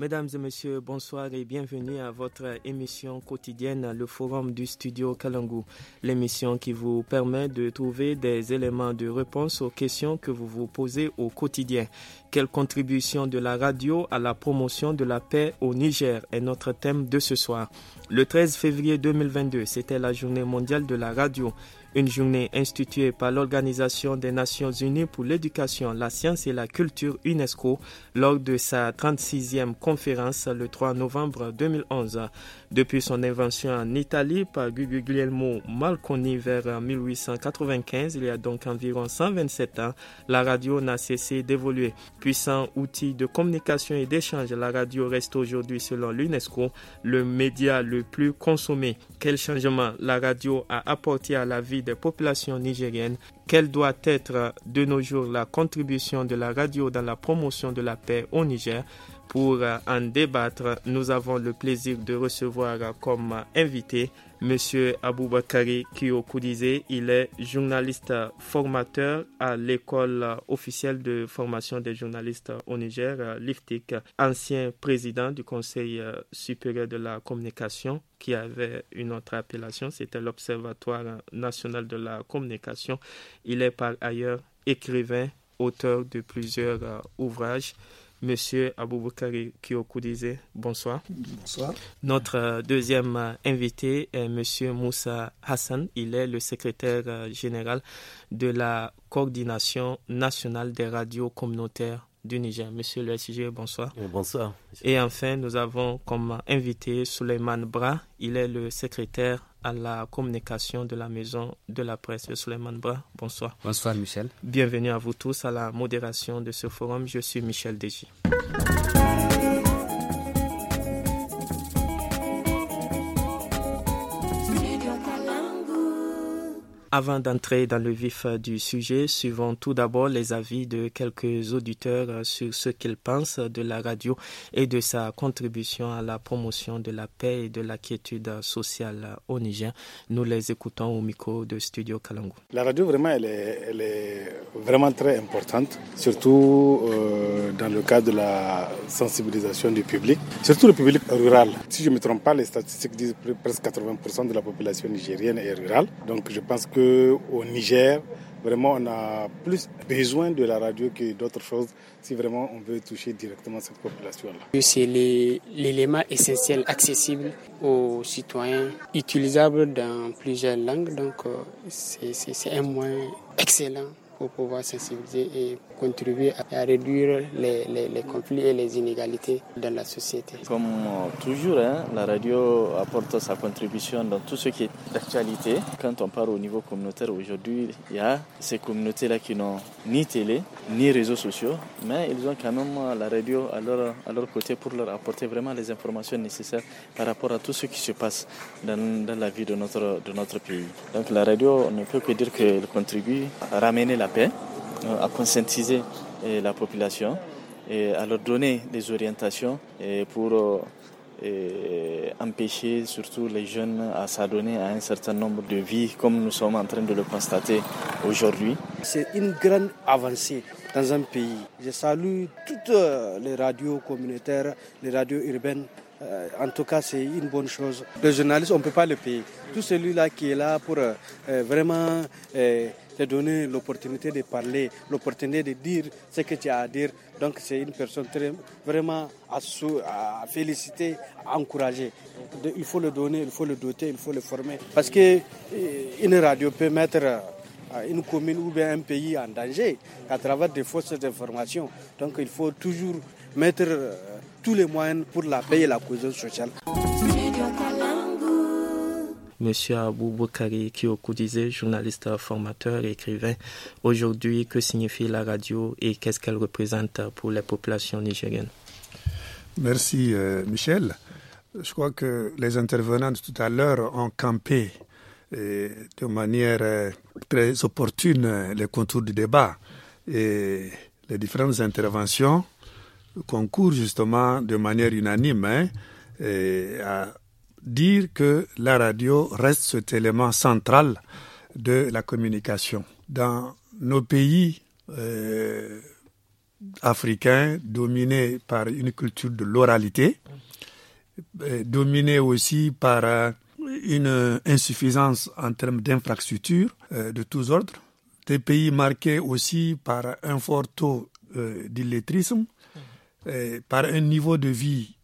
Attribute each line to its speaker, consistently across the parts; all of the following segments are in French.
Speaker 1: Mesdames et messieurs, bonsoir et bienvenue à votre émission quotidienne, le forum du studio Kalangu. L'émission qui vous permet de trouver des éléments de réponse aux questions que vous vous posez au quotidien. Quelle contribution de la radio à la promotion de la paix au Niger est notre thème de ce soir. Le 13 février 2022, c'était la journée mondiale de la radio. Une journée instituée par l'Organisation des Nations Unies pour l'éducation, la science et la culture UNESCO lors de sa 36e conférence le 3 novembre 2011. Depuis son invention en Italie par Guglielmo Malconi vers 1895, il y a donc environ 127 ans, la radio n'a cessé d'évoluer. Puissant outil de communication et d'échange, la radio reste aujourd'hui, selon l'UNESCO, le média le plus consommé. Quel changement la radio a apporté à la vie des populations nigériennes quelle doit être de nos jours la contribution de la radio dans la promotion de la paix au Niger pour euh, en débattre, nous avons le plaisir de recevoir euh, comme euh, invité M. Aboubakari Kiyokoudize. Il est journaliste formateur à l'école officielle de formation des journalistes au Niger, Liftik, ancien président du Conseil supérieur de la communication, qui avait une autre appellation, c'était l'Observatoire national de la communication. Il est par ailleurs écrivain, auteur de plusieurs ouvrages. Monsieur Aboubakari Kyokoudizé, bonsoir.
Speaker 2: Bonsoir.
Speaker 1: Notre euh, deuxième euh, invité est Monsieur Moussa Hassan. Il est le secrétaire euh, général de la coordination nationale des radios communautaires du Niger. Monsieur le SG, bonsoir. Bonsoir. Et enfin, nous avons comme invité Suleiman Bra. Il est le secrétaire à la communication de la maison de la presse, Suleiman Bra. Bonsoir.
Speaker 3: Bonsoir Michel.
Speaker 1: Bienvenue à vous tous à la modération de ce forum. Je suis Michel Deji. Avant d'entrer dans le vif euh, du sujet, suivons tout d'abord les avis de quelques auditeurs euh, sur ce qu'ils pensent de la radio et de sa contribution à la promotion de la paix et de la euh, sociale au Niger. Nous les écoutons au micro de Studio Kalangu.
Speaker 2: La radio, vraiment, elle est, elle est vraiment très importante, surtout dans le cadre de la sensibilisation du public, surtout le public rural. Si je ne me trompe pas, les statistiques disent que presque 80% de la population nigérienne est rurale. Donc, je pense que au Niger, vraiment, on a plus besoin de la radio que d'autres choses si vraiment on veut toucher directement cette population-là.
Speaker 3: C'est l'élément essentiel accessible aux citoyens, utilisable dans plusieurs langues, donc euh, c'est un moyen excellent pour pouvoir sensibiliser et contribuer à réduire les, conflits et les inégalités dans la société.
Speaker 1: Comme toujours, hein, la radio apporte sa contribution dans tout ce qui est d'actualité. Quand on parle au niveau communautaire aujourd'hui, il y a ces communautés-là qui n'ont ni télé, ni réseaux sociaux, mais ils ont quand même la radio à leur, côté pour leur apporter vraiment les informations nécessaires par rapport à tout ce qui se passe dans, la vie de notre, de notre pays. Donc la radio, on ne peut que dire qu'elle contribue à ramener la euh, à conscientiser euh, la population et à leur donner des orientations pour euh, empêcher surtout les jeunes à s'adonner à un certain nombre de vies comme nous sommes en train de le constater aujourd'hui.
Speaker 3: C'est une grande avancée dans un pays. Je salue toutes les radios communautaires, les radios urbaines. en tout cas, c'est une bonne chose. Les journaliste, on ne peut pas le payer. Tout celui-là qui est là pour vraiment de donner l'opportunité de parler, l'opportunité de dire ce que tu as à dire. Donc c'est une personne vraiment à, féliciter, à encourager. il faut le donner, il faut le doter, il faut le former. Parce
Speaker 4: qu'une euh, radio
Speaker 3: peut mettre euh, une commune ou bien un pays en danger à travers des fausses informations. Donc il faut toujours mettre euh, tous les moyens pour la paix et la cohésion sociale
Speaker 1: Monsieur Abou Boukari disait, journaliste, formateur écrivain. Aujourd'hui, que signifie la radio et qu'est-ce qu'elle représente pour la population
Speaker 2: nigérienne Merci euh, Michel. Je crois que les intervenants de tout à l'heure ont campé de manière euh, très opportune les contours du débat et les différentes interventions concourent justement de manière unanime hein, et à dire que la radio reste cet élément central de la communication. Dans nos pays euh, africains dominés par une culture de l'oralité, euh, dominés aussi par euh, une insuffisance en termes d'infrastructures de tous ordres, des pays marqués aussi par un fort taux d'illettrisme, par un niveau de vie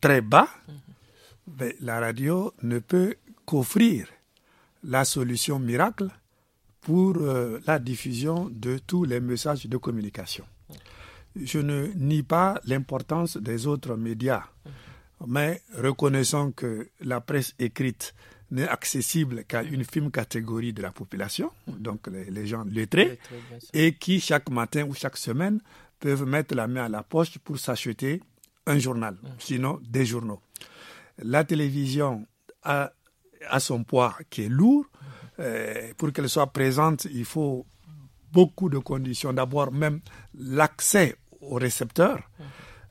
Speaker 2: très bas. Mhm la radio ne peut qu'offrir la solution miracle pour euh, la diffusion de tous les messages de communication. Je ne nie pas l'importance des autres médias, mais reconnaissant que la presse écrite n'est accessible qu'à une fine catégorie de la population, donc les gens lettrés, et qui chaque matin ou chaque semaine peuvent mettre la main à la poche pour s'acheter un journal, mm. sinon des journaux la télévision a, son poids qui est lourd. Euh, pour qu'elle soit présente, il faut beaucoup de conditions. D'abord, même l'accès au récepteur.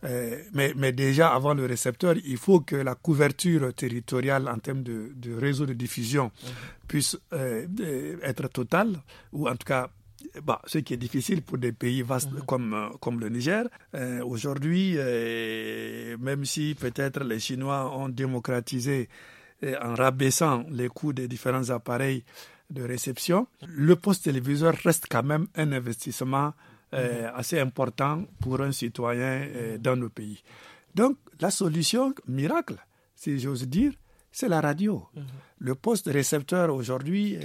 Speaker 2: Euh, mais, déjà, avant le récepteur, il faut que la couverture territoriale en termes de, réseau de diffusion puisse euh, être totale, ou en tout cas bah, ce qui est difficile pour des pays vastes mhm. comme, euh, comme le Niger. Euh, aujourd'hui, euh, même si peut-être les Chinois ont démocratisé en rabaissant les coûts des différents appareils de réception, le poste téléviseur reste quand même un investissement mhm. assez important pour un citoyen dans nos pays. Donc la solution miracle, si j'ose dire, c'est la radio. Mhm. Le poste récepteur aujourd'hui,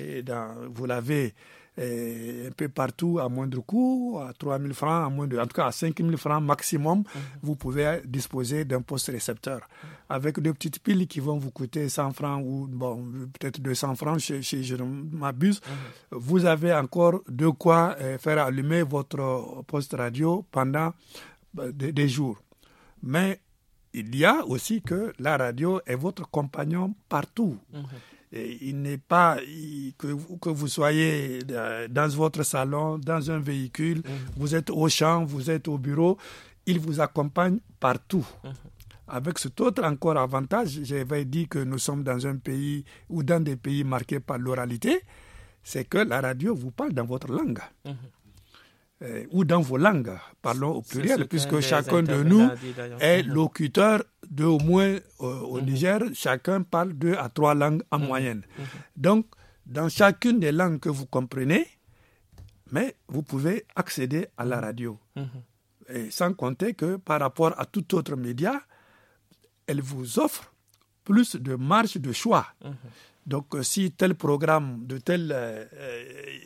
Speaker 2: vous l'avez un peu partout à moindre coût, à 3000 francs, à moins de, en tout cas à 5 francs maximum, mhm. vous pouvez disposer d'un poste récepteur. Avec deux petites piles qui vont vous coûter 100 francs ou bon, peut-être 200 francs, si, si je m'abuse, mhm. vous avez encore de quoi euh, faire allumer votre poste radio pendant bah, des, jours. Mais il y a aussi que la radio est votre compagnon partout. Mhm il n'est pas que, que, vous soyez euh, dans votre salon, dans un véhicule, mm-hmm. vous êtes au champ, vous êtes au bureau, il vous accompagne partout. Mm-hmm. Avec cet autre encore avantage, j'avais dit que nous sommes dans un pays ou dans des pays marqués par l'oralité, c'est que la radio vous parle dans votre langue. Mm-hmm. Euh, ou dans vos langues, parlons au pluriel, puisque chacun de nous est locuteur de au moins euh, au mhm. Niger, chacun parle deux à trois langues en mhm. moyenne. Mhm. Donc, dans chacune des langues que vous comprenez, mais vous pouvez accéder à la radio. Et sans compter que par rapport à tout autre média, elle vous offre plus de marge de choix. Donc, euh, si tel programme de telle euh, euh,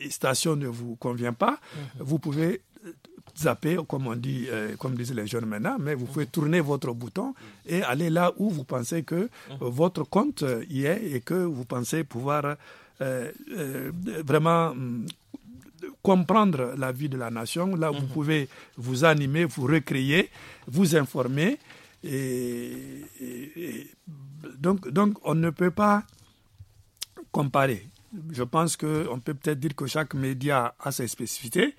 Speaker 2: station ne vous convient pas, mhm. vous pouvez zapper, comme on dit, comme disent les jeunes maintenant, mais vous pouvez mhm. tourner votre bouton et aller là où vous pensez que mhm. votre compte y est et que vous pensez pouvoir vraiment hum, comprendre la vie de la nation. Là, vous pouvez vous animer, vous recréer, vous informer. donc, donc, on ne peut pas je pense qu'on peut peut-être dire que chaque média a ses spécificités,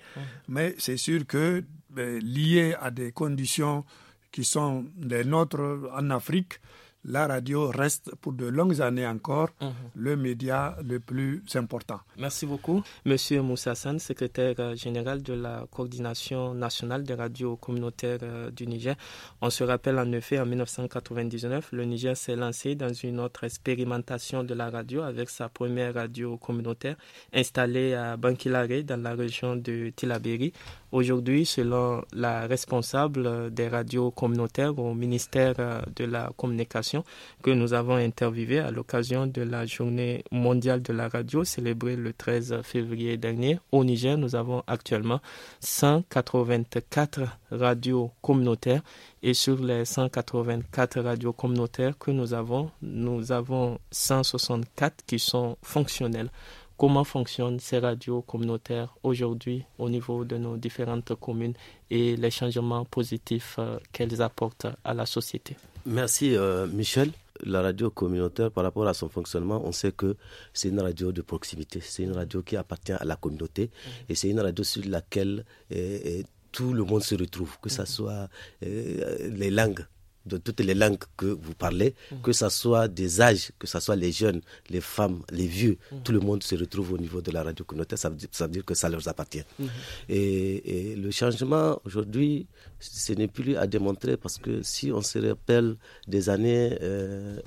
Speaker 2: mais c'est sûr que ben, lié à des conditions qui sont les nôtres en Afrique, la radio reste pour de longues années encore mhm. le média le plus important. Merci beaucoup.
Speaker 1: Monsieur Moussassan, secrétaire euh, général de la coordination nationale des radios communautaires euh, du Niger. On se rappelle en effet, en 1999, le Niger s'est lancé dans une autre expérimentation de la radio avec sa première radio communautaire installée à Bankilare dans la région de Tilaberi. Aujourd'hui, selon la responsable des radios communautaires au ministère euh, de la Communication que nous avons interviewé à l'occasion de la journée mondiale de la radio célébrée le 13 février dernier, au Niger, nous avons actuellement 184 radios communautaires et sur les 184 radios communautaires que nous avons, nous avons 164 qui sont fonctionnelles comment fonctionnent ces radios communautaires aujourd'hui au niveau de nos différentes communes et les changements positifs euh, qu'elles apportent à la société.
Speaker 4: Merci euh, Michel. La radio communautaire, par rapport à son fonctionnement, on sait que c'est une radio de proximité, c'est une radio qui appartient à la communauté mhm. et c'est une radio sur laquelle eh, eh, tout le monde se retrouve, que ce mhm. soit eh, les langues de toutes les langues que vous parlez, que ce soit des âges, que ce soit les jeunes, les femmes, les vieux, tout le monde se retrouve au niveau de la radio communautaire, ça veut dire, que ça leur appartient. Mhm. et, le changement aujourd'hui, ce n'est plus à démontrer parce que si on se rappelle des années 80 euh,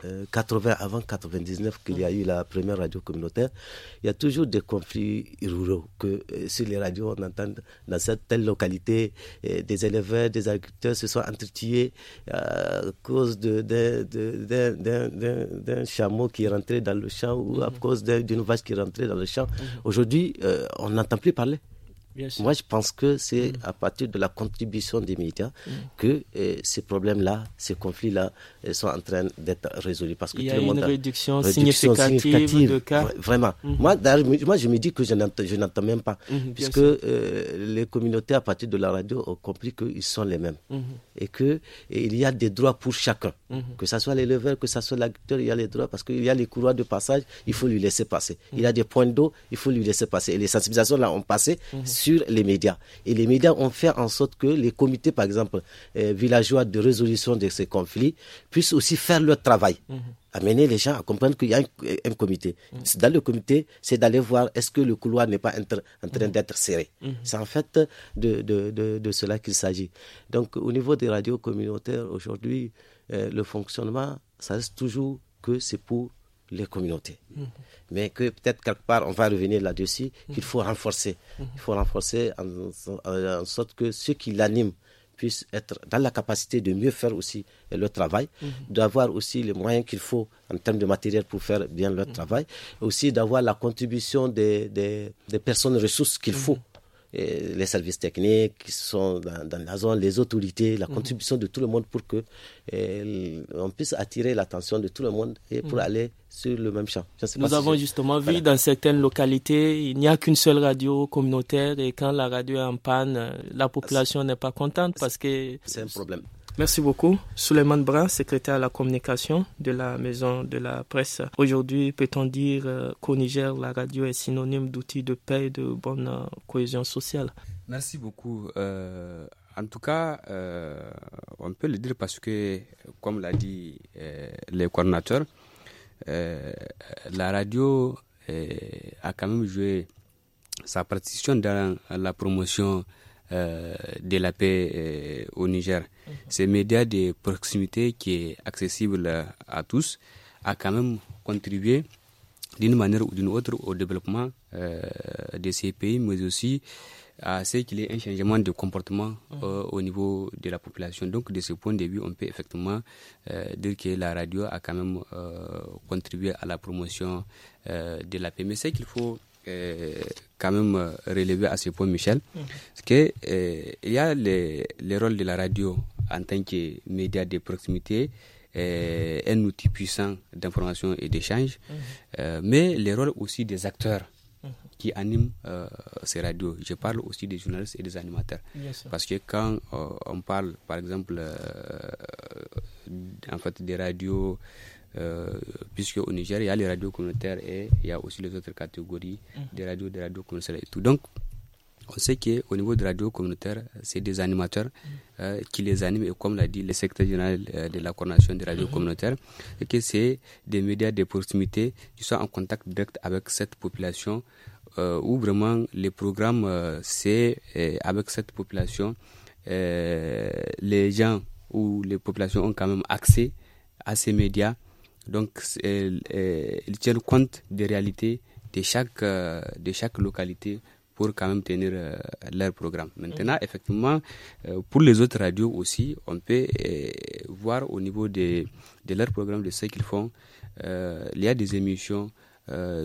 Speaker 4: euh, avant 99 qu'il y a eu la première radio communautaire, il y a toujours des conflits ruraux que euh, sur les radios on entend dans cette telle localité des éleveurs, des agriculteurs se sont entretillés à cause d'un chameau qui est rentré dans le champ ou à mhm. cause d'une vache qui est rentrée dans le champ. Mhm. Aujourd'hui, on n'entend plus parler. Moi, je pense que c'est mm. à partir de la contribution des médias mm. que eh, ces problèmes-là, ces conflits-là, eh, sont en train d'être résolus. Parce que y une le monde a... réduction, réduction significative, de cas. Vraiment. Mm-hmm. Moi, moi, je me dis que je n'entends même pas. Mm-hmm, puisque euh, les communautés, à partir de la radio, ont compris qu'ils sont les mêmes. Mm-hmm. Et qu'il y a des droits pour chacun. Que ce soit l'éleveur, que ce soit l'acteur, il y a les droits parce qu'il y a les couloirs de passage, il faut lui laisser passer. Il y a des points d'eau, il faut lui laisser passer. Et les sensibilisations, là, ont passé les médias. Et les médias ont fait en sorte que les comités, par exemple, euh, villageois de résolution de ces conflits, puissent aussi faire leur travail. Mhm. amener les gens à comprendre qu'il y a un, comité. Mhm. Dans le comité, c'est d'aller voir est-ce que le couloir n'est pas en train mhm. d'être serré. C'est en fait de, de, de, cela qu'il s'agit. Donc au niveau des radios communautaires, aujourd'hui, euh, le fonctionnement, ça reste toujours que c'est pour les communautés. Mm-hmm. Mais que peut-être quelque part, on va revenir là-dessus, mm-hmm. qu'il faut renforcer. Mm-hmm. Il faut renforcer en, sorte que ceux qui l'animent puissent être dans la capacité de mieux faire aussi leur travail, d'avoir aussi les moyens qu'il faut en termes de matériel pour faire bien leur travail, aussi d'avoir la contribution des, des, des personnes ressources qu'il faut les services techniques qui sont dans, la zone, les autorités, la mhm. contribution de tout le monde pour que eh, on puisse attirer l'attention de tout le monde et pour mhm. aller sur le même champ. Nous avons
Speaker 1: justement vu dans certaines localités, il n'y a qu'une seule radio communautaire et quand la radio est en panne, la population n'est pas contente parce
Speaker 4: que... C'est un problème.
Speaker 1: Merci beaucoup. Souleymane Brun, secrétaire à la communication de la Maison de la Presse. Aujourd'hui, peut-on dire euh, qu'au Niger, la radio est synonyme d'outils de paix et de
Speaker 3: bonne euh, cohésion sociale Merci beaucoup. Euh, en tout cas, on peut le dire parce que, comme l'a dit les le coordinateur, la radio a quand même joué sa partition dans la promotion euh, de la paix euh, au Niger. Mhm. Ces médias de proximité qui est accessible à tous a quand même contribué d'une manière ou d'une autre au développement euh, de ces pays, mais aussi à ce qu'il y ait un changement de comportement mhm. au niveau de la population. Donc, de ce point de vue, on peut effectivement dire que la radio a quand même contribué à la promotion de la paix. Mais c'est qu'il faut euh, quand même euh, relevé à ce point, Michel, mhm. que euh, il y a le, rôle de la radio en tant que média de proximité, un outil puissant d'information et d'échange, mhm. mais le rôle aussi des acteurs mhm. qui animent ces radios. Je parle aussi des journalistes et des animateurs. Parce que quand on parle, par exemple, en fait, des radios euh, puisque au Niger, il y a les radios communautaires et il y a aussi les autres catégories mhm. des radios, des radios communautaires et tout. Donc, on sait qu'au niveau des radios communautaires c'est des animateurs mhm. euh, qui les animent, et comme l'a dit le secrétaire général euh, de la coordination des radios mhm. communautaires, et que c'est des médias de proximité qui sont en contact direct avec cette population, euh, où vraiment les programmes, c'est avec cette population, les gens ou les populations ont quand même accès à ces médias donc, ils tiennent compte des réalités de chaque, euh, de chaque localité pour quand même tenir euh, leur programme. Maintenant, effectivement, euh, pour les autres radios aussi, on peut voir au niveau de, de leur programme, de ce qu'ils font. il y a des émissions,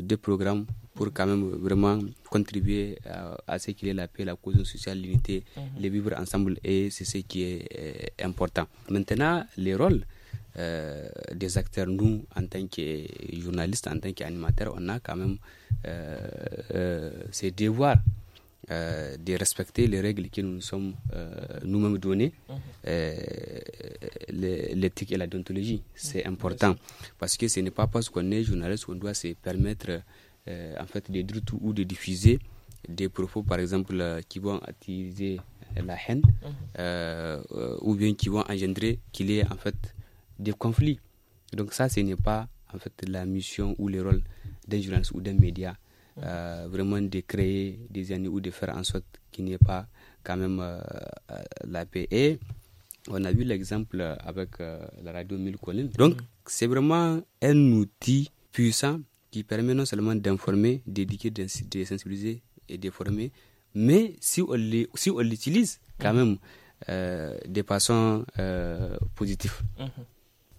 Speaker 3: des programmes pour quand même vraiment contribuer à, ce qu'il y ait la paix, la cohésion sociale, l'unité, mhm. les vivre ensemble et c'est ce qui est important. Maintenant, les rôles. Euh, des acteurs, nous, en tant que journalistes, en tant qu'animateurs, on a quand même euh, euh, ces devoirs de respecter les règles que nous nous sommes nous-mêmes données, mhm. l'éthique et la déontologie. Mhm. C'est important parce que ce n'est pas parce qu'on est journaliste qu'on doit se permettre en fait de dire ou de diffuser des propos, par exemple, qui vont attiser la haine mhm. ou bien qui vont engendrer qu'il y ait en fait des conflits. Donc ça, ce n'est pas en fait la mission ou le rôle d'un journaliste ou d'un média, euh, vraiment de créer des années ou de faire en sorte qu'il n'y ait pas quand même euh, euh, la paix. Et on a vu l'exemple avec la radio Mille Collines. Donc mm. c'est vraiment un outil puissant qui permet non seulement d'informer, d'éduquer, de, sensibiliser et de former, mais si on l'utilise quand mm. même de façon positive.
Speaker 1: Mm-hmm.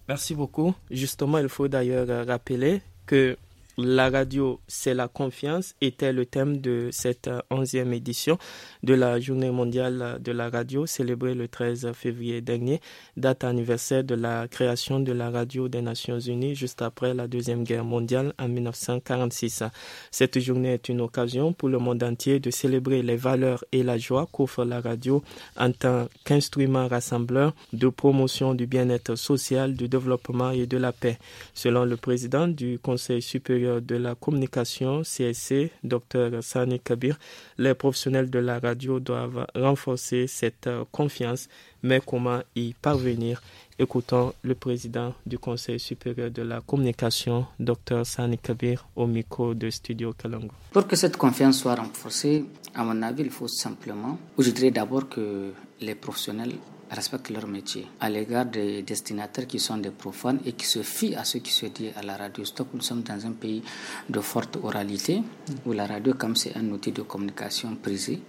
Speaker 1: Merci beaucoup. Justement, il faut d'ailleurs euh, rappeler que la radio, c'est la confiance était le thème de cette euh, onzième édition de la Journée mondiale de la radio célébrée le 13 février dernier, date anniversaire de la création de la radio des Nations Unies juste après la Deuxième Guerre mondiale en 1946. Cette journée est une occasion pour le monde entier de célébrer les valeurs et la joie qu'offre la radio en tant qu'instrument rassembleur de promotion du bien-être social, du développement et de la paix. Selon le président du Conseil supérieur de la communication, CSC, Dr Sani Kabir, les professionnels de la radio doivent renforcer cette euh, confiance. Mais comment y parvenir Écoutons le président du Conseil supérieur de la communication, Dr Sani Kabir, au micro de Studio Kalango.
Speaker 5: Pour que cette confiance soit renforcée, à mon avis, il faut simplement, je dirais d'abord que les professionnels respectent leur métier. À l'égard des destinataires qui sont des profanes et qui se fient à ce qui se dit à la radio, nous sommes dans un pays de forte oralité, où la radio, comme c'est un outil de communication prisé,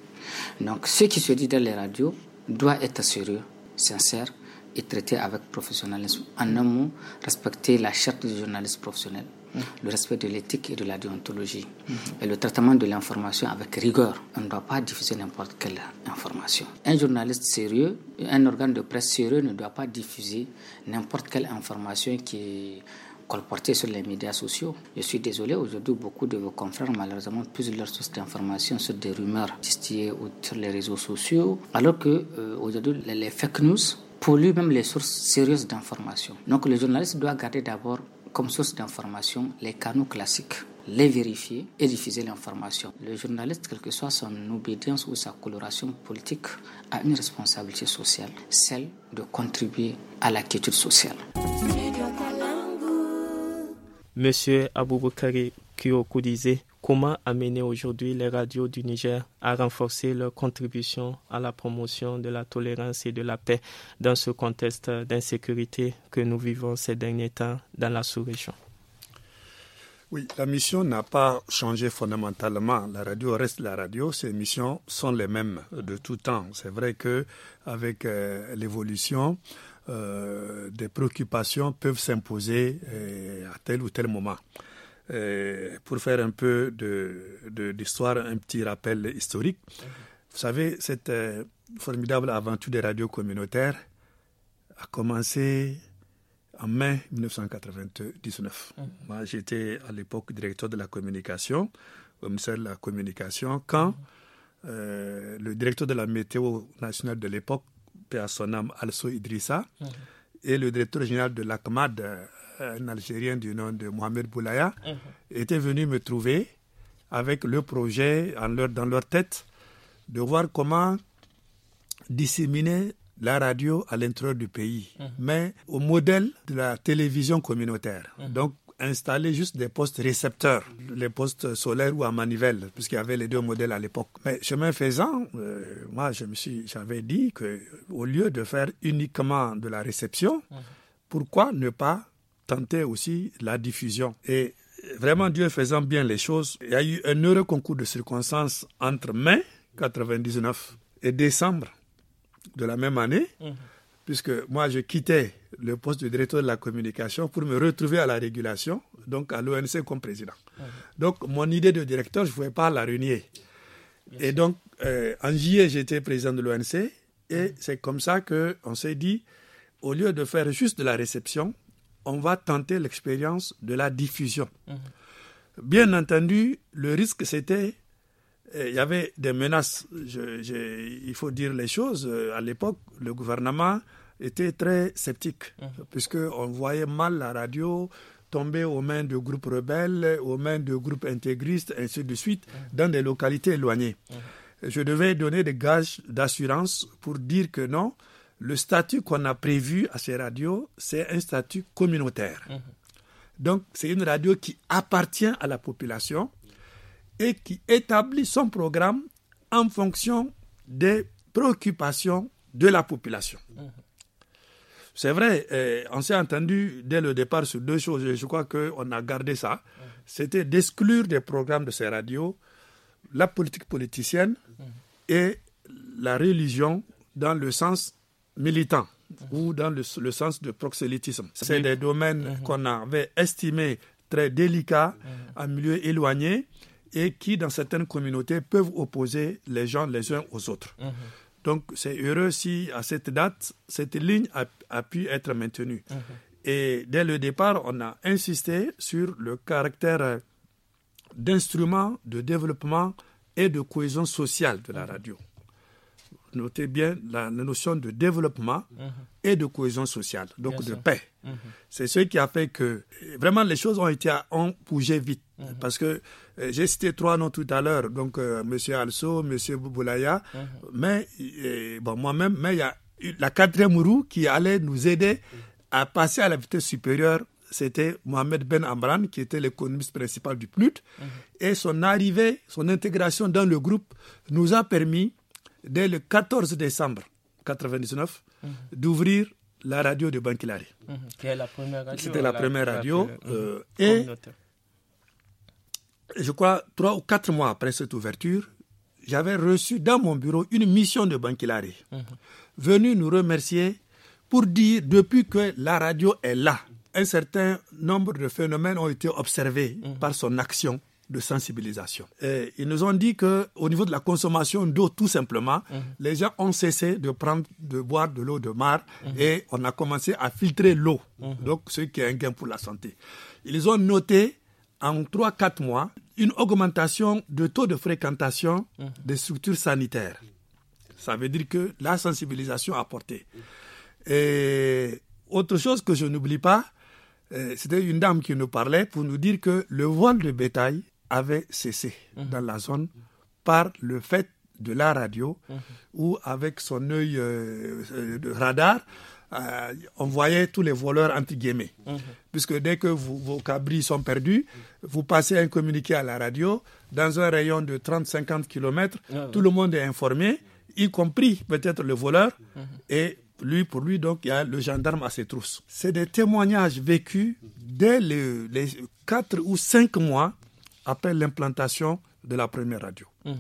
Speaker 5: donc ce qui se dit dans les radios doit être sérieux, sincère et traité avec professionnalisme. En un mot, respecter la charte du journaliste professionnel le respect de l'éthique et de la déontologie, et le traitement de l'information avec rigueur. On ne doit pas diffuser n'importe quelle information. Un journaliste sérieux, un organe de presse sérieux ne doit pas diffuser n'importe quelle information qui est colportée sur les médias sociaux. Je suis désolé, aujourd'hui, beaucoup de vos confrères, malheureusement, plus leurs sources d'information sur des rumeurs distillées sur les réseaux sociaux, alors que euh, aujourd'hui, les fake news polluent même les sources sérieuses d'informations. Donc le journaliste doit garder d'abord comme source d'information les canaux classiques les vérifier et diffuser l'information. Le journaliste, quelle que soit son obédience ou sa coloration politique, a une responsabilité sociale, celle de contribuer à la quiétude sociale.
Speaker 1: Monsieur Aboubakari Kyoko disait Comment amener aujourd'hui les radios du Niger à renforcer leur contribution à la promotion de la tolérance et de la paix dans ce contexte d'insécurité que nous vivons ces derniers temps dans la sous-région
Speaker 2: oui, la mission n'a pas changé fondamentalement. La radio reste la radio. Ces missions sont les mêmes de tout temps. C'est vrai que avec euh, l'évolution, euh, des préoccupations peuvent s'imposer euh, à tel ou tel moment. Euh, pour faire un peu d'histoire, de, un petit rappel historique. Vous savez, cette euh, formidable aventure des radios communautaires a commencé en mai 1999. Mmh. Moi, j'étais à l'époque directeur de la communication au de la communication quand euh, le directeur de la météo nationale de l'époque, Péa Sonam Also Idrissa, mmh et le directeur général de l'ACMAD, euh, un Algérien du nom de Mohamed Boulaya, mhm. était étaient venus me trouver avec le projet en dans leur tête de voir comment disséminer la radio à l'intérieur du pays, mhm. mais au modèle de la télévision communautaire. Mhm. Donc, installer juste des postes récepteurs, les postes solaires ou à manivelle, puisqu'il y avait les deux modèles à l'époque. Mais chemin faisant, euh, moi, je me suis, j'avais dit que au lieu de faire uniquement de la réception, mhm. pourquoi ne pas tenter aussi la diffusion Et vraiment, Dieu faisant bien les choses, il y a eu un heureux concours de circonstances entre mai 99 et décembre de la même année. Mhm puisque moi je quittais le poste de directeur de la communication pour me retrouver à la régulation, donc à l'ONC comme président. Donc mon idée de directeur, je ne pouvais pas la renier. Et donc euh, en juillet, j'étais président de l'ONC et mm. c'est comme ça qu'on s'est dit, au lieu de faire juste de la réception, on va tenter l'expérience de la diffusion. Mm. Bien entendu, le risque c'était euh, il y avait des menaces. il faut dire les choses. Euh, à l'époque, le gouvernement était très sceptique, mhm. puisque puisqu'on voyait mal la radio tomber aux mains de groupes rebelles, aux mains de groupes intégristes, ainsi de suite, mhm. dans des localités éloignées. Mhm. Je devais donner des gages d'assurance pour dire que non, le statut qu'on a prévu à ces radios, c'est un statut communautaire. Donc, c'est une radio qui appartient à la population, et qui établit son programme en fonction des préoccupations de la population. Mm-hmm. C'est vrai, eh, on s'est entendu dès le départ sur deux choses, et je crois qu'on a gardé ça. Mm-hmm. C'était d'exclure des programmes de ces radios la politique politicienne mm-hmm. et la religion dans le sens militant ou dans le, sens de proxélytisme. C'est des domaines qu'on avait estimés très délicats en milieu éloigné et qui, dans certaines communautés, peuvent opposer les gens les uns aux autres. Mhm. Donc, c'est heureux si, à cette date, cette ligne a, pu être maintenue. Mhm. Et dès le départ, on a insisté sur le caractère d'instrument de développement et de cohésion sociale de la mhm. radio. Notez bien la, notion de développement et de cohésion sociale, donc de paix. C'est ce qui a fait que vraiment les choses ont été ont bougé vite. Mhm. Parce que euh, j'ai cité trois noms tout à l'heure, donc euh, Monsieur M. Also, M. Bouboulaya, mhm. mais euh, bon, moi-même, mais il y a la quatrième roue qui allait nous aider à passer à la vitesse supérieure. C'était Mohamed Ben Amran, qui était l'économiste principal du Plut, mhm. Et son arrivée, son intégration dans le groupe nous a permis, dès le 14 décembre 1999, d'ouvrir la radio de Bankilari.
Speaker 1: C'était la première radio. et
Speaker 2: je crois, trois ou quatre mois après cette ouverture, j'avais reçu dans mon bureau une mission de Bankilare, mhm. venue nous remercier pour dire depuis que la radio est là, un certain nombre de phénomènes ont été observés mhm. par son action de sensibilisation. Et ils nous ont dit que au niveau de la consommation d'eau, tout simplement, mhm. les gens ont cessé de prendre, de boire de l'eau de mare et on a commencé à filtrer l'eau. Donc, ce qui est un gain pour la santé. Ils ont noté en 3-4 mois une augmentation de taux de fréquentation mmh. des structures sanitaires. Ça veut dire que la sensibilisation porté. Et autre chose que je n'oublie pas, euh, c'était une dame qui nous parlait pour nous dire que le vol de bétail avait cessé mmh. dans la zone par le fait de la radio mmh. ou avec son œil euh, euh, de radar euh, on voyait tous les voleurs anti guillemets. Mhm. Puisque dès que vos cabris sont perdus, vous passez un communiqué à la radio, dans un rayon de 30-50 km, ah tout le monde est informé, y compris peut-être le voleur, mhm. et lui, pour lui, donc, il y a le gendarme à ses trousses. C'est des témoignages vécus dès les, les 4 ou 5 mois après l'implantation de la première radio. Mhm.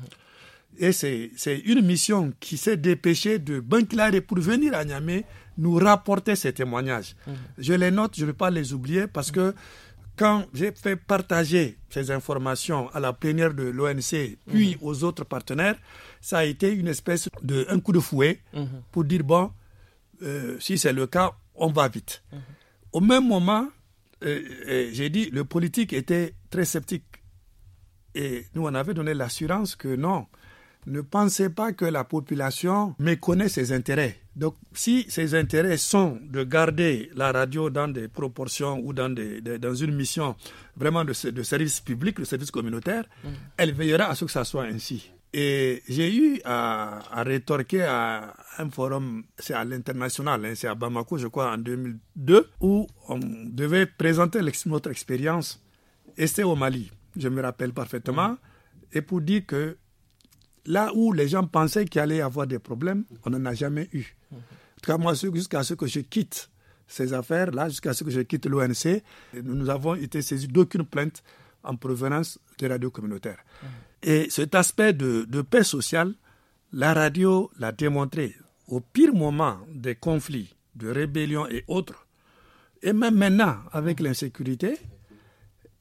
Speaker 2: Et c'est une mission qui s'est dépêchée de Banklare pour venir à Niamey nous rapporter ces témoignages. Mm. Je les note, je ne vais pas les oublier parce que quand j'ai fait partager ces informations à la plénière de l'ONC, puis mm-hmm. aux autres partenaires, ça a été une espèce de un coup de fouet mm-hmm. pour dire bon, euh, si c'est le cas, on va vite. Mm-hmm. Au même moment, euh, euh, j'ai dit le politique était très sceptique et nous on avait donné l'assurance que non, ne pensez pas que la population méconnaît ses intérêts. Donc, si ses intérêts sont de garder la radio dans des proportions ou dans, des, dans une mission vraiment de, de, service public, de service communautaire, mm. elle veillera à ce que ça soit ainsi. Et j'ai eu à, rétorquer à un forum, c'est à l'international, hein, c'est à Bamako, je crois, en 2002, où on devait présenter notre expérience. Et c'était au Mali, je me rappelle parfaitement, mm. et pour dire que là où les gens pensaient qu'il allait y avoir des problèmes, on n'en a jamais eu. En tout cas, moi, jusqu'à ce que je quitte ces affaires-là, jusqu'à ce que je quitte l'ONC, nous n'avons été saisis d'aucune plainte en provenance des radios communautaires. Mmh. Et cet aspect de, de, paix sociale, la radio l'a démontré au pire moment des conflits, de rébellions et autres, et même maintenant avec l'insécurité,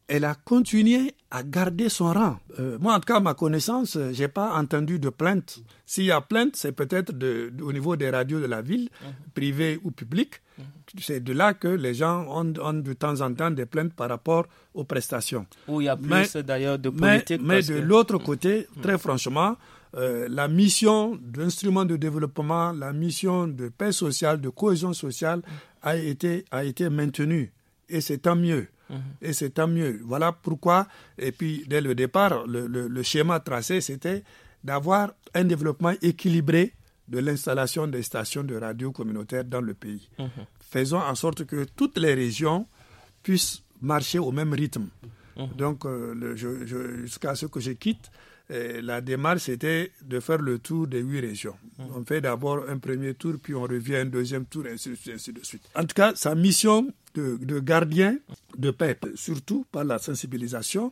Speaker 2: elle a continué à garder son rang. Euh, moi, en tout cas, à ma connaissance, euh, je n'ai pas entendu de plainte. S'il y a plainte, c'est peut-être au niveau des radios de la ville, mhm. privées ou publiques. Mhm. C'est de là que les gens ont, de temps en temps des plaintes par rapport aux prestations. Où il y a plus d'ailleurs de politique. Mais, de l'autre mhm. côté, très franchement, euh, la mission d'instrument de développement, la mission de paix sociale, de cohésion sociale a été, a été maintenue. Et c'est tant mieux. Et c'est tant mieux. Voilà pourquoi, et puis dès le départ, le, schéma tracé, c'était d'avoir un développement équilibré de l'installation des stations de radio communautaires dans le pays. Mhm. Faisons en sorte que toutes les régions puissent marcher au même rythme. Mhm. Donc, euh, jusqu'à ce que je quitte, euh, la démarche était de faire le tour des huit régions. Mmh. On fait d'abord un premier tour, puis on revient un deuxième tour, et ainsi, de suite. En tout cas, sa mission de, de gardien de paix, surtout par la sensibilisation,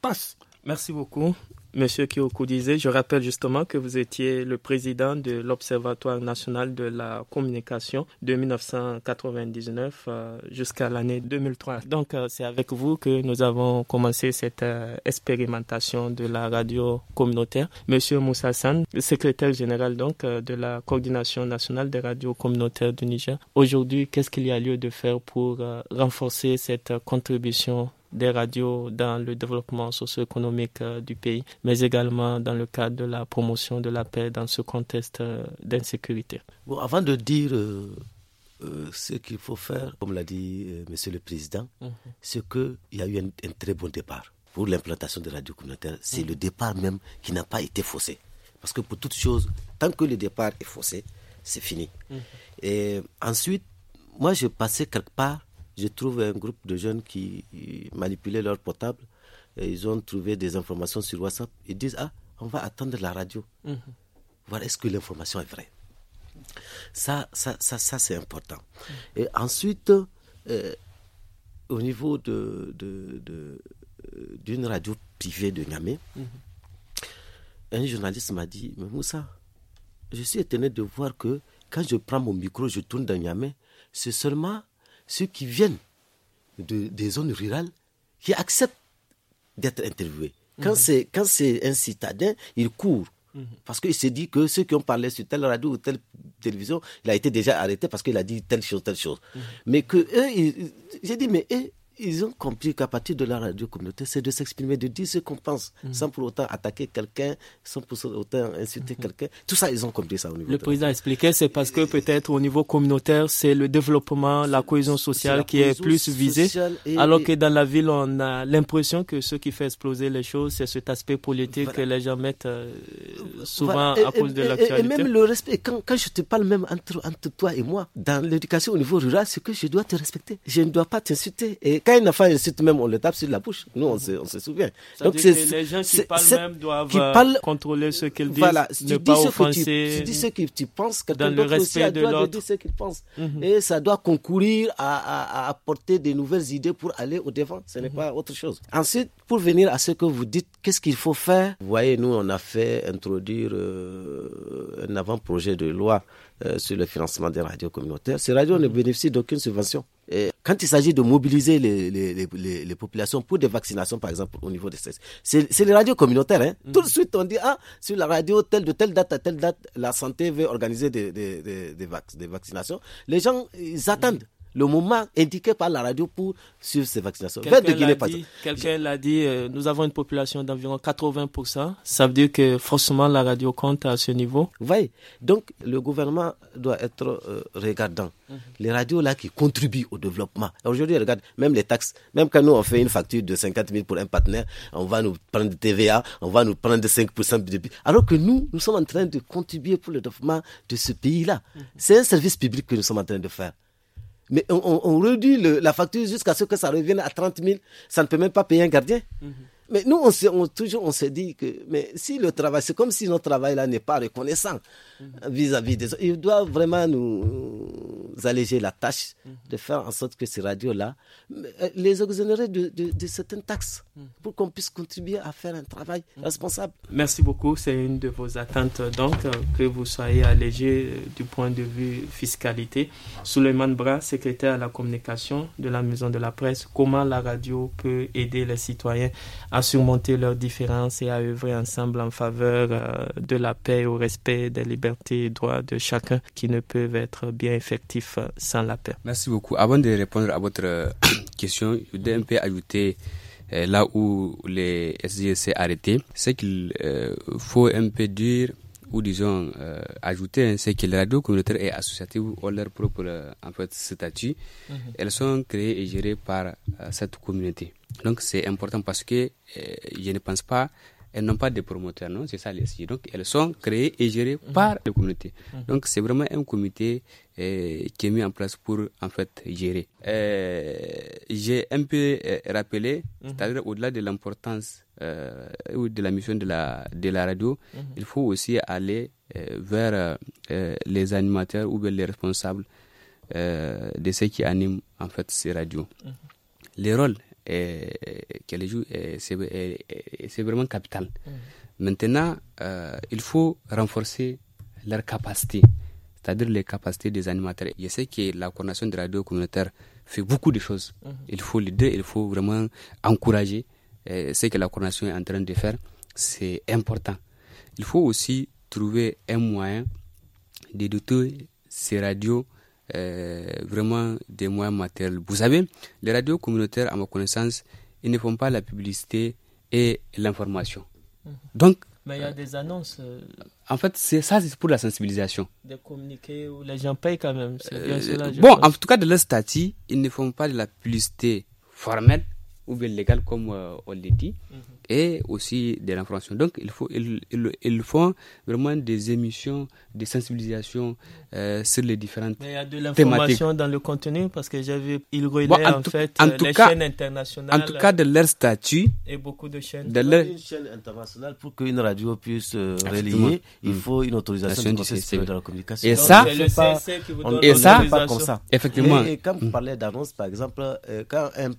Speaker 2: passe. Merci beaucoup. Monsieur Kiyoko disait, je
Speaker 1: rappelle justement que vous étiez le président de l'Observatoire national de la communication de 1999 euh, jusqu'à l'année 2003. Donc, euh, c'est avec vous que nous avons commencé cette euh, expérimentation de la radio communautaire. Monsieur Moussa San, secrétaire général donc de la coordination nationale des radios communautaires du Niger. Aujourd'hui, qu'est-ce qu'il y a lieu de faire pour renforcer cette contribution des radios dans le développement socio-économique euh, du pays, mais également dans le cadre de la promotion de la paix dans ce contexte euh, d'insécurité.
Speaker 4: Bon, avant de dire euh, ce qu'il faut faire, comme l'a dit Monsieur le Président, mhm. que c'est qu'il y a eu un, très bon départ pour l'implantation des radios communautaires. C'est mhm. le départ même qui n'a pas été faussé. Parce que pour toute chose, tant que le départ est faussé, c'est fini. Mhm. Et ensuite, moi, je passais quelque part j'ai trouvé un groupe de jeunes qui manipulaient leur portable. Et ils ont trouvé des informations sur WhatsApp. Ils disent Ah, on va attendre la radio. Mhm. voir Voilà, est-ce que l'information est vraie Ça, ça, ça, c'est important. Mhm. Et ensuite, euh, au niveau de, euh, d'une radio privée de Niamey, mhm. un journaliste m'a dit Mais Moussa, je suis étonné de voir que quand je prends mon micro, je tourne dans Niamey, c'est seulement ceux qui viennent de, des zones rurales qui acceptent d'être interviewés. Quand mhm. c'est un citadin, il court. Mhm. Parce qu'il se dit que ceux qui ont parlé sur telle radio ou telle télévision, il a été déjà arrêté parce qu'il a dit telle chose, telle chose. Mhm. Mais que eux, j'ai dit, mais eux, ils ont compris qu'à partir de la radio communautaire, c'est de s'exprimer, de dire ce qu'on pense, mm. sans pour autant attaquer quelqu'un, sans pour autant insulter mm-hmm. quelqu'un. Tout ça, ils ont compris ça au niveau. Le président
Speaker 1: expliquait, c'est parce que peut-être au niveau communautaire, c'est le développement, la cohésion sociale qui est plus visée, alors que dans la ville, on a l'impression que ce qui fait exploser les choses, c'est cet aspect politique que les gens mettent euh,
Speaker 4: souvent à cause de l'actualité. Et même le respect, quand, je te parle même entre, entre toi et moi, dans l'éducation au niveau rural, c'est que je dois te respecter, je ne dois pas t'insulter. Et quand un site même, on le tape sur la bouche. Nous, on se, on se souvient. Donc, c'est, les gens qui parlent même doivent euh, contrôler ce qu'ils disent, ne pas offenser. Tu, tu, dis ce que tu penses, aussi dire ce qu'il pense. Mhm. Et ça doit concourir à, apporter des nouvelles idées pour aller au devant. Ce n'est mhm. pas autre chose. Ensuite, pour venir à ce que vous dites, qu'est-ce qu'il faut faire Vous voyez, nous, on a fait introduire euh, un avant-projet de loi euh, sur le financement des radios communautaires. Ces radios ne mhm. bénéficient d'aucune subvention. Et quand il s'agit de mobiliser les, populations pour des vaccinations, par exemple, au niveau des stress, c'est les radios communautaires. Hein. Mm. Tout de suite, on dit, ah, sur la radio, telle, de telle date à telle date, la santé veut organiser des, des, des, vaccinations. Les gens, ils attendent le moment indiqué par la radio pour suivre ces vaccinations.
Speaker 1: Quelqu'un l'a dit, euh, nous avons une population d'environ 80%. Ça veut dire que forcément
Speaker 4: la radio compte à ce niveau. Oui. Donc le gouvernement doit être euh, regardant. Mhm. Les radios là qui contribuent au développement. Aujourd'hui, regarde, même les taxes, même quand nous on fait une facture de 50 000 pour un partenaire, on va nous prendre de TVA, on va nous prendre de 5% de Alors que nous, nous sommes en train de contribuer pour le développement de ce pays-là. Mhm. C'est un service public que nous sommes en train de faire. Mais on, on, réduit le, la facture jusqu'à ce que ça revienne à 30 000. Ça ne peut même pas payer un gardien. Mhm. Mais nous, on, on toujours, on se dit que mais si le travail, c'est comme si notre travail-là n'est pas reconnaissant mhm. vis-à-vis des autres. Il doit vraiment nous alléger la tâche mhm. de faire en sorte que ces radios-là, euh, les exonérer de, de, certaines taxes mhm. pour qu'on puisse contribuer à faire un travail responsable. Merci beaucoup. C'est une
Speaker 1: de vos attentes, euh, donc, euh, que vous soyez allégé du point de vue fiscalité. Souleymane Bra, secrétaire à la communication de la Maison de la Presse, comment la radio peut aider les citoyens à surmonter leurs différences et à œuvrer ensemble en faveur euh, de la paix au respect des libertés et droits de chacun qui ne peuvent être bien effectifs
Speaker 3: sans la paix. Merci beaucoup. Avant de répondre à votre euh, question, je voudrais un peu ajouter euh, là où les SGS s'est arrêté, c'est qu'il faut un peu dire ou disons ajouter, hein, c'est que les radios communautaires et associatives ont leur propre en fait, statut. Mhm. Elles sont créées et gérées par cette communauté. Donc c'est important parce que euh, je ne pense pas, elles n'ont pas de promoteurs, non, c'est ça les Donc elles sont créées et gérées mhm. par les communautés. Mhm. Donc c'est vraiment un comité euh, qui est mis en place pour en fait gérer. Euh, j'ai un peu rappelé, mhm. c'est-à-dire au-delà de l'importance ou de la mission de la, de la radio, il faut aussi aller vers les animateurs ou vers les responsables de ceux qui animent en fait ces radios. Les rôles les joue, c'est vraiment capital. Mm. Maintenant, euh, il faut renforcer leur capacité c'est-à-dire les capacités des animateurs. Je sais que la coordination de radio communautaire fait beaucoup de choses. Mm-hmm. Il faut l'aider, il faut vraiment encourager ce que la coordination est en train de faire. C'est important. Il faut aussi trouver un moyen de doter ces radios euh, vraiment des moyens matériels. Vous savez, les radios communautaires, à ma connaissance, ils ne font pas la publicité et l'information.
Speaker 1: Mhm. Donc, mais il y a des annonces.
Speaker 3: Euh, en fait, c'est ça, c'est pour la sensibilisation.
Speaker 1: De communiquer, où les gens payent quand même. Euh, bon, en
Speaker 3: tout cas, de leur statut, ils ne font pas de la publicité formelle, ou bien légal comme euh, on l'a dit, mhm. et aussi de l'information. Donc, il faut, ils, il, font vraiment des émissions de sensibilisation euh, sur les différentes Mais il y a de
Speaker 1: l'information dans le contenu, parce que j'avais, ils relaient en, fait en euh, les cas, chaînes internationales. En tout cas, de leur statut. Et beaucoup de chaînes. De Une chaîne internationale, pour
Speaker 4: qu'une radio puisse relier, il mm. faut une autorisation du Conseil de la communication. Et ça, pas, vous et ça, comme ça. Effectivement. Et, quand vous mm. parlez d'annonce, par exemple, quand un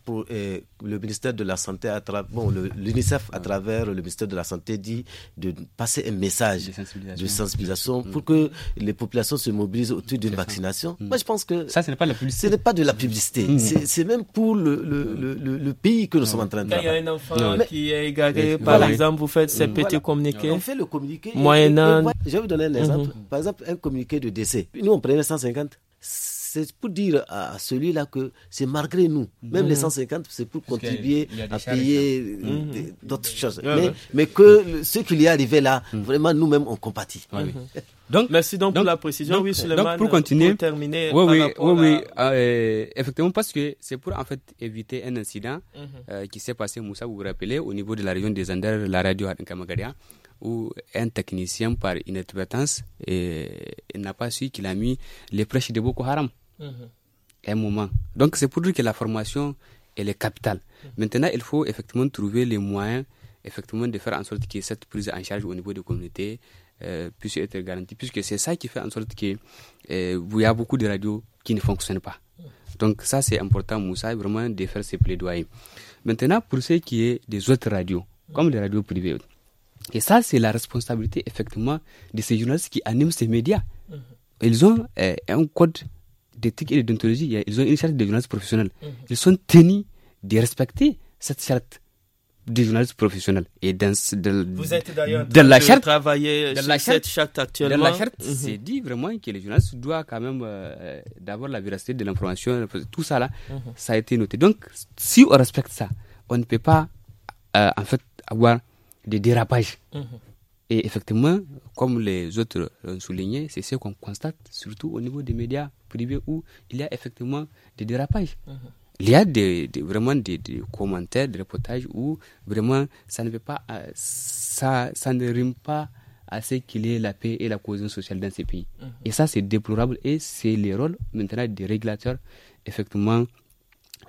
Speaker 4: le le ministère de la Santé, à bon, l'UNICEF à travers le ministère de la Santé dit de passer un message de sensibilisation, pour que les populations se mobilisent autour d'une vaccination. Moi, je pense que... Ça, ce n'est pas de la publicité. Ce n'est pas de la publicité. C'est même pour le, pays que nous sommes en train de... Quand il y a un enfant qui est égaré, par exemple, vous faites ces petits communiqués. On fait le communiqué. Moyennant... je vais vous donner un exemple. Par exemple, un communiqué de décès. Nous, on prenait 150 c'est pour dire à celui-là que c'est malgré nous. Même mhm. les 150, c'est pour contribuer à payer hein. euh, mhm. d'autres choses. Mais, mais, que ce qui lui est arrivé là, mhm. vraiment, nous-mêmes, on compatit.
Speaker 3: Merci donc, pour la précision. Donc,
Speaker 1: pour continuer, terminer. Oui,
Speaker 3: oui, euh, effectivement, parce que c'est pour en fait éviter un incident mhm. euh, qui s'est passé, Moussa, vous vous rappelez, au niveau de la région des Andes, la radio à où un technicien, par inadvertance, euh, n'a pas su qu'il a mis les prêches de Boko Haram. Mhm. Un moment. Donc, c'est pour dire que la formation, elle est capitale. Mhm. Maintenant, il faut effectivement trouver les moyens effectivement de faire en sorte que cette prise en charge au niveau des communautés puissent euh, puisse être garanti puisque c'est ça qui fait en sorte que euh, y a beaucoup de radios qui ne fonctionnent pas. Donc ça c'est important, Moussa, vraiment de faire ses plaidoyers. Maintenant, pour ce qui est des autres radios, comme les radios privées, et ça c'est la responsabilité effectivement de ces journalistes qui animent ces médias. Mhm. Ils ont euh, un code d'éthique et d'identologie ils ont une charte de journalistes professionnels. Ils sont tenus de respecter cette charte des journaliste professionnels Et dans, de, la charte, travailler la charte actuellement. la charte, c'est dit vraiment que les journalistes doivent quand même euh, d'abord d'avoir la véracité de l'information. Tout ça là, mhm. ça a été noté. Donc, si on respecte ça, on ne peut pas euh, en fait avoir des dérapages. Mhm. Et effectivement, comme les autres l'ont souligné, c'est ce qu'on constate surtout au niveau des médias privés où il y a effectivement des dérapages. Mhm il y a des, vraiment des, commentaires, des reportages où vraiment ça ne, veut pas, euh, ça, ça ne rime pas à ce qu'il y ait la paix et la cohésion sociale dans ces pays. Mhm. Et ça, c'est déplorable et c'est le rôle maintenant des régulateurs, effectivement,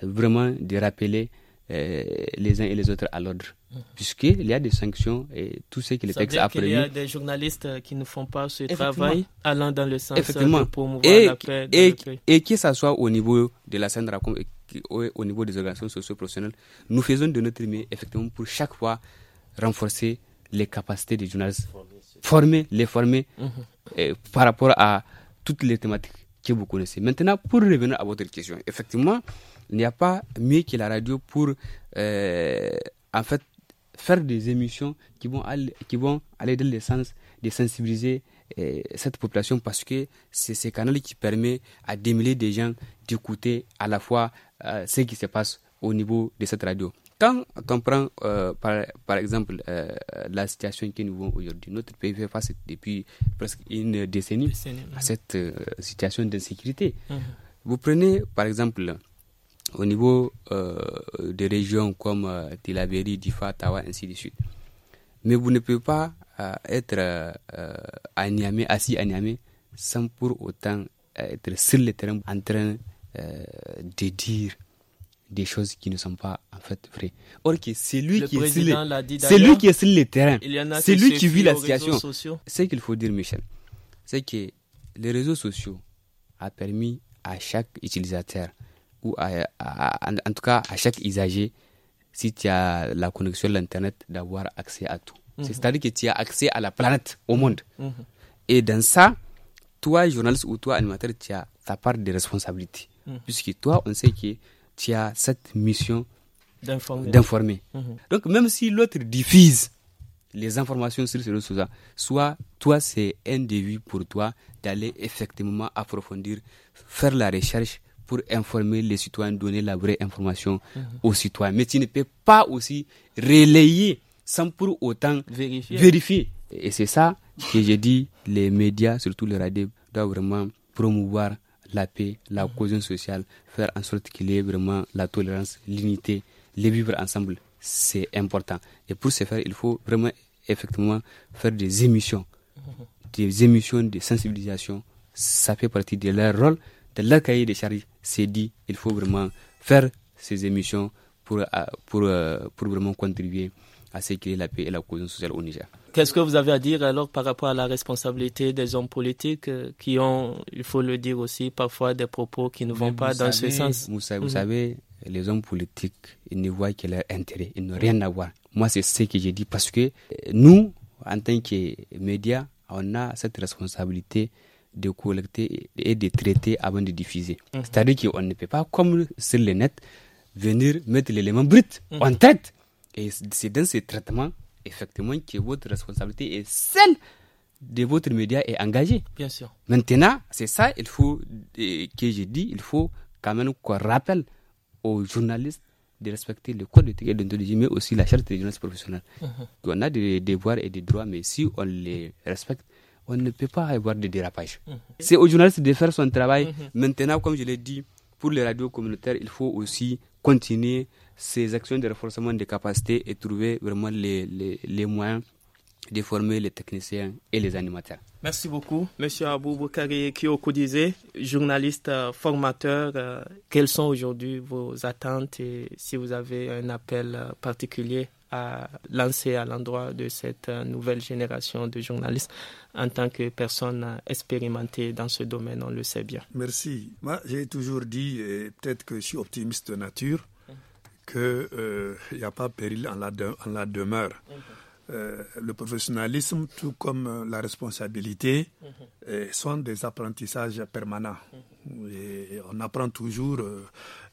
Speaker 3: vraiment de rappeler euh, les uns et les autres à l'ordre. Mhm. Puisqu'il y a des sanctions et tout ce qui les ça textes dire Il y a
Speaker 1: des journalistes euh, qui ne font pas ce travail allant dans le sens de promouvoir la paix. Et, et, et
Speaker 3: que ce soit au niveau de la scène de la, au niveau des organisations socio-professionnelles, nous faisons de notre mieux, effectivement, pour chaque fois renforcer les capacités des journalistes, former, les former mhm. euh, par rapport à toutes les thématiques que vous connaissez. Maintenant, pour revenir à votre question, effectivement, il n'y a pas mieux que la radio pour, euh, en fait, faire des émissions qui vont aller, qui vont aller dans le sens de sensibiliser euh, cette population parce que c'est ce canal qui permet à des milliers de gens d'écouter à la fois euh, ce qui se passe au niveau de cette radio. Quand on prend euh, par, par, exemple euh, la situation que nous vivons aujourd'hui, notre pays fait face depuis presque une décennie, à cette situation d'insécurité. Mhm. Vous prenez par exemple au niveau des régions comme Tilaberi, Difa, Tawa, ainsi de suite. Mais vous ne pouvez pas être assis à Niamey sans pour autant être sur le terrain en train euh, de dire des choses qui ne sont pas en fait vraies. Or c'est lui, qui est, c'est lui qui est sur le terrain, c'est lui qui vit la situation. Ce qu'il faut dire, Michel, c'est que les réseaux sociaux a permis à chaque utilisateur ou en tout cas à chaque usager, si tu as la connexion à l'internet, d'avoir accès à tout. Mhm. C'est-à-dire que tu as accès à la planète, au monde. Mhm. Et dans ça, toi, journaliste ou toi, animateur, tu as ta part de responsabilité. Mmh. puisque toi, on sait que tu as cette mission
Speaker 1: d'informer. Mmh.
Speaker 3: Donc, même si l'autre diffuse les informations sur ce réseau, soit toi, c'est un début pour toi d'aller effectivement approfondir, faire la recherche pour informer les citoyens, donner la vraie information mmh. aux citoyens. Mais tu ne peux pas aussi relayer sans pour autant vérifier. Et c'est ça que j'ai dit, les médias, surtout les radios, doivent vraiment promouvoir la paix, la mhm. cohésion sociale, faire en sorte qu'il y ait vraiment la tolérance, l'unité, les vivre ensemble, c'est important. Et pour ce faire, il faut vraiment effectivement faire des émissions, mhm. des émissions de sensibilisation. Ça fait partie de leur rôle, de leur cahier des charges. C'est dit, il faut vraiment faire ces émissions pour, euh, pour, euh, pour vraiment contribuer à sécuriser la paix et la cohésion sociale au Niger.
Speaker 1: Qu'est-ce que vous avez à dire alors par rapport à la responsabilité des hommes politiques euh, qui ont, il faut le dire aussi, parfois des propos
Speaker 3: qui ne vont pas dans ce sens Vous, mhm. savez, les hommes politiques, ils ne voient que leur intérêt, ils n'ont rien à voir. Moi, c'est ce que j'ai dit parce que euh, nous, en tant que médias, on a cette responsabilité de collecter et de traiter avant de diffuser. Mhm. C'est-à-dire qu'on ne peut pas, comme sur le net, venir mettre l'élément brut. en tête et c'est dans ce traitement, effectivement, que votre responsabilité est celle de votre média est engagée. Bien sûr. Maintenant, c'est ça, il faut, que j'ai dit, il faut quand même qu'on rappelle aux journalistes de respecter le code de et mais aussi la charte des journalistes professionnels. Mhm. On a des devoirs et des droits, mais si on les respecte, on ne peut pas avoir de dérapage. Mhm. C'est aux journalistes de faire son travail. Mhm. Maintenant, comme je l'ai dit, pour les radios communautaires, il faut aussi continuer ces actions de renforcement des capacités et trouver vraiment les, les, moyens de former les techniciens et les animateurs.
Speaker 1: Merci beaucoup, Monsieur Aboubakari Boukari Kiyokoudizé, journaliste euh, formateur. Euh, quelles sont aujourd'hui vos attentes et si vous avez un appel euh, particulier à lancer à l'endroit de cette nouvelle génération de journalistes en tant que personne expérimentée dans ce domaine, on le sait bien.
Speaker 2: Merci. Moi, j'ai toujours dit, peut-être que je suis optimiste de nature, qu'il euh, n'y a pas péril en la, la demeure. Euh, le professionnalisme, tout comme euh, la responsabilité, mhm. sont des apprentissages permanents. Mhm. on apprend toujours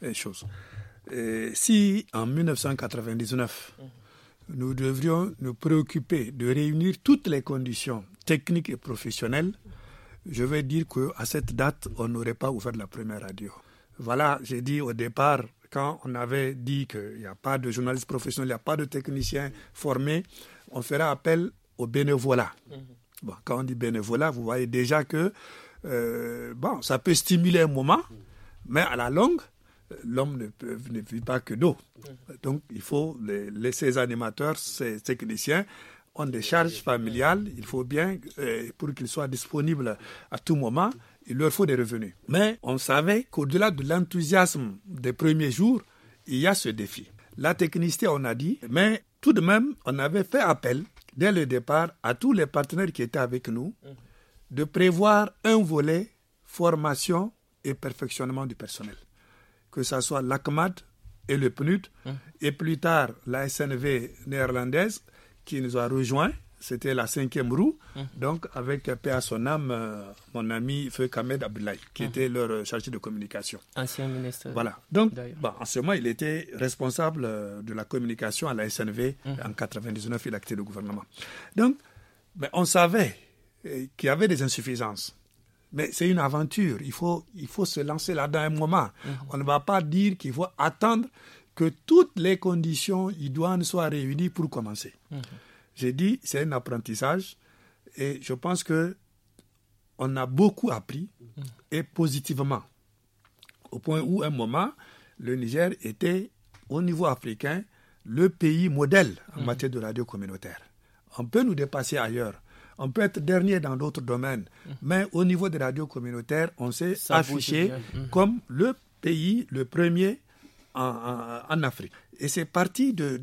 Speaker 2: des choses. si en 1999, mhm. nous devrions nous préoccuper de réunir toutes les conditions techniques et professionnelles, je vais dire qu'à cette date, on n'aurait pas ouvert la première radio. Voilà, j'ai dit au départ, quand on avait dit qu'il n'y a pas de journaliste professionnel il n'y a pas de technicien formé, on fera appel au bénévolat. Mhm. quand on dit bénévolat, vous voyez déjà que euh, bon, ça peut stimuler un moment, mais à la longue, l'homme ne, ne vit pas que d'eau. Mhm. Donc il faut laisser les animateurs, ces techniciens, ont des charges familiales, il faut bien, euh, pour qu'ils soient disponibles à tout moment, il leur faut des revenus. Mais on savait qu'au-delà de l'enthousiasme des premiers jours, il y a ce défi. La technicité, on a dit, mais tout de même, on avait fait appel dès le départ à tous les partenaires qui étaient avec nous de prévoir un volet formation et perfectionnement du personnel, que ce soit l'ACMAD et le PNUD, hum. et plus tard la SNV néerlandaise qui nous a rejoints c'était la cinquième roue, mhm. donc avec P.A. son euh, mon ami Feu Kamed Abdoulaye, qui mhm. était leur euh, chargé de communication.
Speaker 1: Ancien ministre. Voilà. Donc,
Speaker 2: bah, en ce moment, il était responsable euh, de la communication à la SNV. Mhm. En 1999, il a été le gouvernement. Donc, on savait qu'il y avait des insuffisances. Mais c'est une aventure. Il faut, il faut se lancer là-dedans un moment. On ne va pas dire qu'il faut attendre que toutes les conditions idoines soient réunies pour commencer. J'ai dit, c'est un apprentissage et je pense que on a beaucoup appris et positivement. Au point où, à un moment, le Niger était, au niveau africain, le pays modèle en mhm. matière de radio communautaire. On peut nous dépasser ailleurs. On peut être dernier dans d'autres domaines. Mhm. Mais au niveau des radios communautaires, on s'est affiché mhm. comme le pays le premier en Afrique. Et c'est parti de,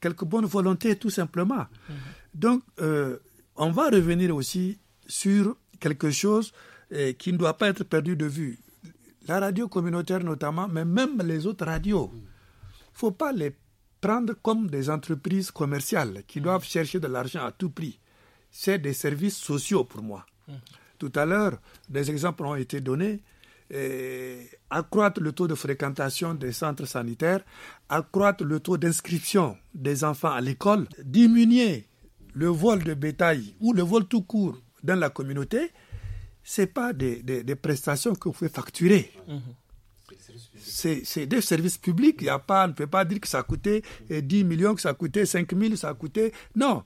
Speaker 2: quelques bonnes volontés, tout simplement. Mhm. Donc, euh, on va revenir aussi sur quelque chose eh, qui ne doit pas être perdu de vue. La radio communautaire notamment, mais même les autres radios. Il mhm. ne faut pas les prendre comme des entreprises commerciales qui mhm. doivent chercher de l'argent à tout prix. C'est des services sociaux pour moi. Tout à l'heure, des exemples ont été donnés euh, accroître le taux de fréquentation des centres sanitaires, accroître le taux d'inscription des enfants à l'école, diminuer le vol de bétail ou le vol tout court dans la communauté, ce pas des, prestations que vous pouvez facturer. C'est des services publics. Il y a pas, on ne peut pas dire que ça a coûté 10 euh, millions, que ça a coûté 5 000, ça a coûté. Non.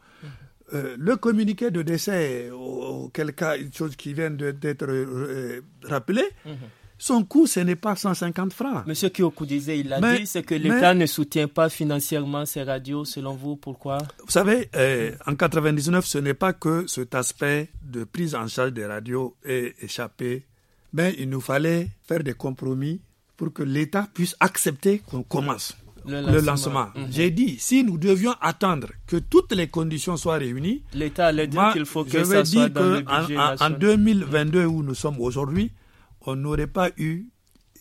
Speaker 2: Euh, le communiqué de décès, auquel cas une chose qui vient d'être rappelé, euh, rappelée, mhm. son coût, ce n'est pas 150 francs.
Speaker 1: Monsieur Kyoku disait, il a dit, c'est que l'État ne soutient pas financièrement ces radios, selon vous, pourquoi
Speaker 2: Vous savez, euh, en 99, ce n'est pas que cet aspect de prise en charge des radios ait échappé, mais il nous fallait faire des compromis pour que l'État puisse accepter qu'on commence le lancement. Mhm. J'ai dit, si nous devions attendre que toutes les conditions soient réunies,
Speaker 1: l'État allait dire qu'il faut que ça soit dans le budget en,
Speaker 2: 2022 où nous sommes aujourd'hui, on n'aurait pas eu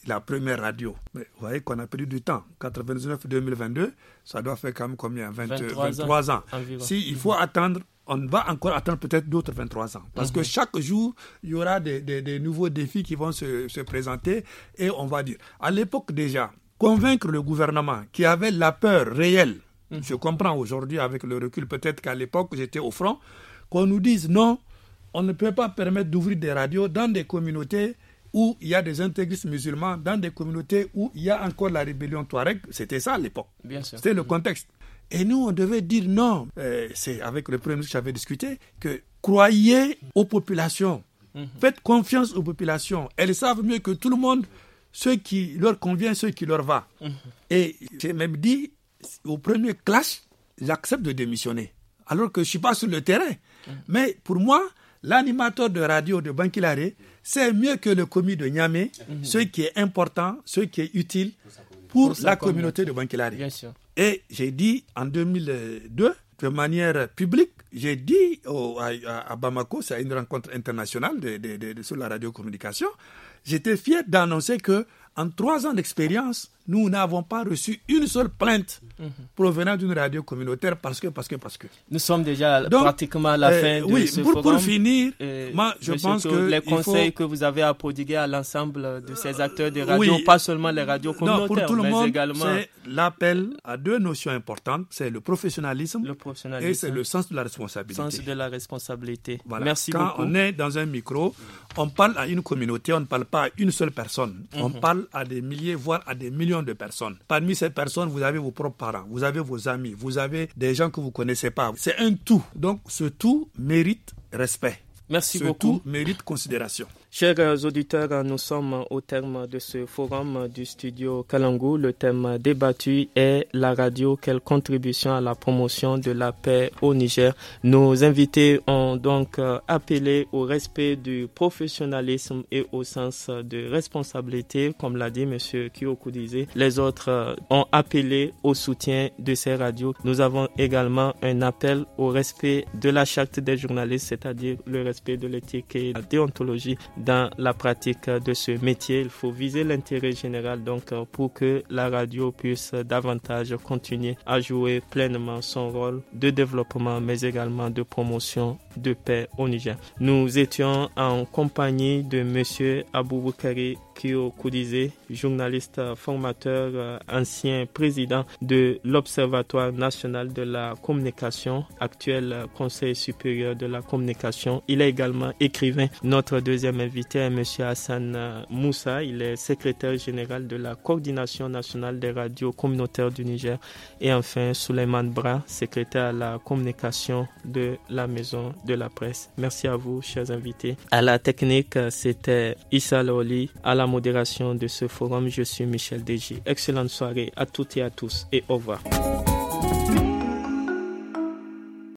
Speaker 2: la première radio. Mais vous voyez qu'on a perdu du temps. 99-2022, ça doit faire quand même combien 23, ans. Si il faut mhm. attendre, on va encore attendre peut-être d'autres 23 ans. Parce que mhm. chaque jour, il y aura des, nouveaux défis qui vont se, se présenter et on va dire. À l'époque déjà, convaincre le gouvernement qui avait la peur réelle, mm. je comprends aujourd'hui avec le recul, peut-être qu'à l'époque j'étais au front, qu'on nous dise non, on ne peut pas permettre d'ouvrir des radios dans des communautés où il y a des intégristes musulmans, dans des communautés où il y a encore la rébellion Touareg. C'était ça à l'époque. C'était le mm. contexte. Et nous, on devait dire non. Euh, c'est avec le premier ministre que j'avais discuté que croyez aux populations. Mm-hmm. Faites confiance aux populations. Elles savent mieux que tout le monde ce qui leur convient, ce qui leur va. Mhm. Et j'ai même dit, au premier clash, j'accepte de démissionner. Alors que je ne suis pas sur le terrain. Mhm. Mais pour moi, l'animateur de radio de Banquilare, c'est mieux que le commis de Niamey, mhm. ce qui est important, ce qui est utile pour, la communauté, de Banquilare. Et j'ai dit en 2002, de manière publique, j'ai dit à, Bamako, c'est une rencontre internationale sur la radiocommunication, j'étais fier d'annoncer que en trois ans d'expérience, nous n'avons pas reçu une seule plainte provenant d'une radio communautaire parce que, parce que, parce que. Nous sommes déjà pratiquement à la euh, fin de ce pour, Pour finir, moi, je pense que, les conseils
Speaker 1: que vous avez à prodiguer à l'ensemble de ces acteurs de euh, radio, pas seulement les radios communautaires, pour tout le mais monde, également. C'est
Speaker 2: l'appel à deux notions importantes, c'est le professionnalisme, et c'est le sens de la responsabilité. Sens de la responsabilité. Quand on est dans un micro, on parle à une communauté, on ne parle pas à une seule personne. On mhm. parle à des milliers, voire à des millions de personnes. Parmi ces personnes, vous avez vos propres parents, vous avez vos amis, vous avez des gens que vous connaissez pas. C'est un tout. Donc ce tout mérite respect. Merci ce Tout mérite considération. Chers auditeurs, nous sommes au terme de ce
Speaker 1: forum du studio Kalangou. Le thème débattu est la radio, quelle contribution à la promotion de la paix au Niger. Nos invités ont donc euh, appelé au respect du professionnalisme et au sens de responsabilité, comme l'a dit M. Kyokudize. Les autres euh, ont appelé au soutien de ces radios. Nous avons également un appel au respect de la charte des journalistes, c'est-à-dire le respect de l'éthique et la déontologie dans la pratique de ce métier. Il faut viser l'intérêt général donc euh, pour que la radio puisse davantage continuer à jouer pleinement son rôle de développement mais également de promotion de paix au Niger. Nous étions en compagnie de monsieur Aboubakari Kyo Koudizé, journaliste, formateur, euh, ancien président de l'Observatoire national de la communication, actuel euh, Conseil supérieur de la communication. Il est également écrivain. Notre deuxième invité est M. Hassan euh, Moussa. Il est secrétaire général de la coordination nationale des radios communautaires du Niger. Et enfin, Souleymane Bra, secrétaire à la communication de la maison de la presse. Merci à vous, chers invités. À la technique, c'était Issa Loli. À la modération de ce forum. Je suis Michel DJ. Excellente soirée à toutes et à tous et au revoir.